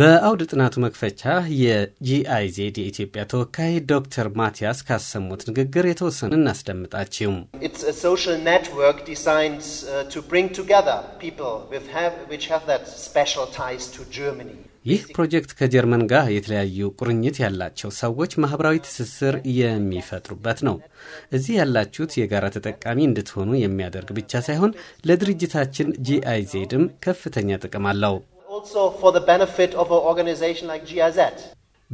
በአውድ ጥናቱ መክፈቻ የጂአይዜድ የኢትዮጵያ ተወካይ ዶክተር ማቲያስ ካሰሙት ንግግር የተወሰነ እናስደምጣችው። uh, ይህ ፕሮጀክት ከጀርመን ጋር የተለያዩ ቁርኝት ያላቸው ሰዎች ማኅበራዊ ትስስር የሚፈጥሩበት ነው። እዚህ ያላችሁት የጋራ ተጠቃሚ እንድትሆኑ የሚያደርግ ብቻ ሳይሆን ለድርጅታችን ጂአይዜድም ከፍተኛ ጥቅም አለው። also for the benefit of an organization like GIZ.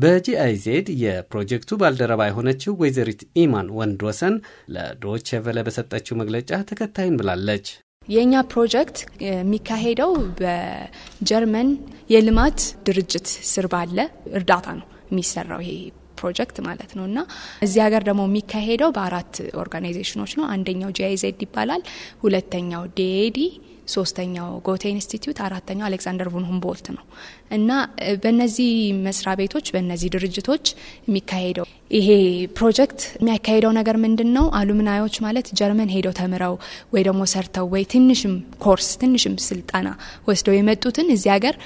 በጂአይዜድ የፕሮጀክቱ ባልደረባ የሆነችው ወይዘሪት ኢማን ወንድ ወሰን ለዶች ቨለ በሰጠችው መግለጫ ተከታይን ብላለች። የእኛ ፕሮጀክት የሚካሄደው በጀርመን የልማት ድርጅት ስር ባለ እርዳታ ነው የሚሰራው ይሄ ፕሮጀክት ማለት ነው እና እዚህ ሀገር ደግሞ የሚካሄደው በአራት ኦርጋናይዜሽኖች ነው። አንደኛው ጂአይዜድ ይባላል። ሁለተኛው ዲኤዲ ሶስተኛው ጎቴ ኢንስቲትዩት አራተኛው አሌክዛንደር ቡን ሁምቦልት ነው እና በነዚህ መስሪያ ቤቶች በነዚህ ድርጅቶች የሚካሄደው ይሄ ፕሮጀክት የሚያካሄደው ነገር ምንድን ነው? አሉምናዮች ማለት ጀርመን ሄደው ተምረው ወይ ደግሞ ሰርተው ወይ ትንሽም ኮርስ ትንሽም ስልጠና ወስደው የመጡትን እዚህ ሀገር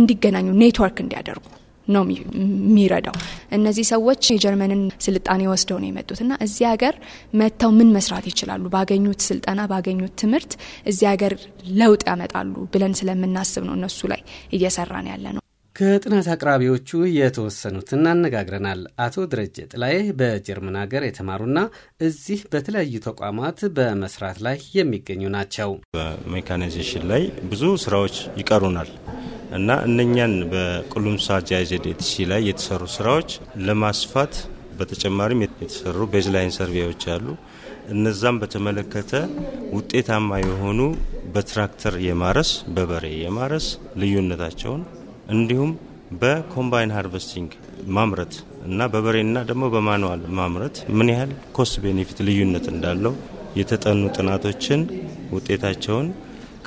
እንዲገናኙ ኔትወርክ እንዲያደርጉ ነው የሚረዳው። እነዚህ ሰዎች የጀርመንን ስልጣኔ ወስደው ነው የመጡት እና እዚህ ሀገር መጥተው ምን መስራት ይችላሉ፣ ባገኙት ስልጠና፣ ባገኙት ትምህርት እዚህ ሀገር ለውጥ ያመጣሉ ብለን ስለምናስብ ነው እነሱ ላይ እየሰራን ያለ ነው። ከጥናት አቅራቢዎቹ የተወሰኑትን አነጋግረናል። አቶ ደረጀ ላይ በጀርመን ሀገር የተማሩና እዚህ በተለያዩ ተቋማት በመስራት ላይ የሚገኙ ናቸው። በሜካናይዜሽን ላይ ብዙ ስራዎች ይቀሩናል። እና እነኛን በቁሉምሳ ጃይዜድ ኤቲሲ ላይ የተሰሩ ስራዎች ለማስፋት በተጨማሪም የተሰሩ ቤዝላይን ሰርቬዎች አሉ። እነዛም በተመለከተ ውጤታማ የሆኑ በትራክተር የማረስ በበሬ የማረስ ልዩነታቸውን እንዲሁም በኮምባይን ሃርቨስቲንግ ማምረት እና በበሬና ደግሞ በማኑዋል ማምረት ምን ያህል ኮስት ቤኔፊት ልዩነት እንዳለው የተጠኑ ጥናቶችን ውጤታቸውን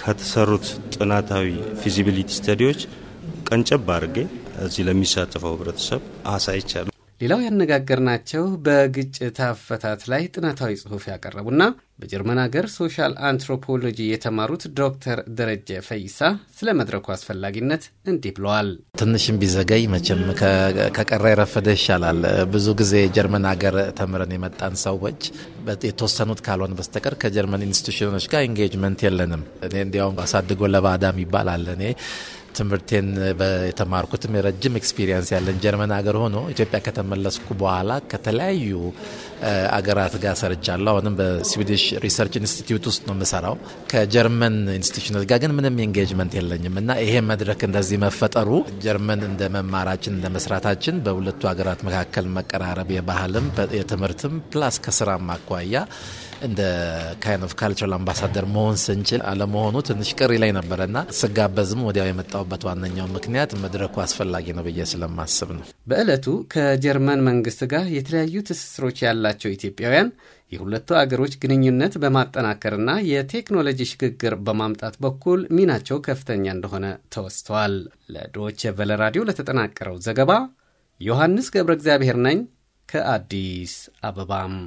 ከተሰሩት ጥናታዊ ፊዚቢሊቲ ስተዲዎች ቀንጨብ አድርጌ እዚህ ለሚሳተፈው ህብረተሰብ አሳይቻለሁ። ሌላው ያነጋገርናቸው በግጭት አፈታት ላይ ጥናታዊ ጽሑፍ ያቀረቡና በጀርመን አገር ሶሻል አንትሮፖሎጂ የተማሩት ዶክተር ደረጀ ፈይሳ ስለ መድረኩ አስፈላጊነት እንዲህ ብለዋል። ትንሽም ቢዘገይ መቼም ከቀረ የረፈደ ይሻላል። ብዙ ጊዜ የጀርመን አገር ተምረን የመጣን ሰዎች የተወሰኑት ካልሆነ በስተቀር ከጀርመን ኢንስቲቱሽኖች ጋር ኢንጌጅመንት የለንም። እኔ እንዲያውም አሳድጎ ለባዳ ይባላል እኔ ትምህርቴን የተማርኩትም የረጅም ኤክስፒሪየንስ ያለን ጀርመን ሀገር ሆኖ ኢትዮጵያ ከተመለስኩ በኋላ ከተለያዩ አገራት ጋር ሰርቻለሁ። አሁንም በስዊዲሽ ሪሰርች ኢንስቲትዩት ውስጥ ነው የምሰራው። ከጀርመን ኢንስቲትዩሽኖች ጋር ግን ምንም ኤንጌጅመንት የለኝም እና ይሄ መድረክ እንደዚህ መፈጠሩ ጀርመን እንደ መማራችን እንደ መስራታችን በሁለቱ ሀገራት መካከል መቀራረብ የባህልም የትምህርትም ፕላስ ከስራም አኳያ እንደ ካይን ኦፍ ካልቸራል አምባሳደር መሆን ስንችል አለመሆኑ ትንሽ ቅሪ ላይ ነበረና ስጋበዝም ወዲያው የመጣውበት ዋነኛው ምክንያት መድረኩ አስፈላጊ ነው ብዬ ስለማስብ ነው። በእለቱ ከጀርመን መንግስት ጋር የተለያዩ ትስስሮች ያላ ያላቸው ኢትዮጵያውያን የሁለቱ አገሮች ግንኙነት በማጠናከርና የቴክኖሎጂ ሽግግር በማምጣት በኩል ሚናቸው ከፍተኛ እንደሆነ ተወስተዋል። ለዶቼ ቬለ ራዲዮ ለተጠናቀረው ዘገባ ዮሐንስ ገብረ እግዚአብሔር ነኝ ከአዲስ አበባም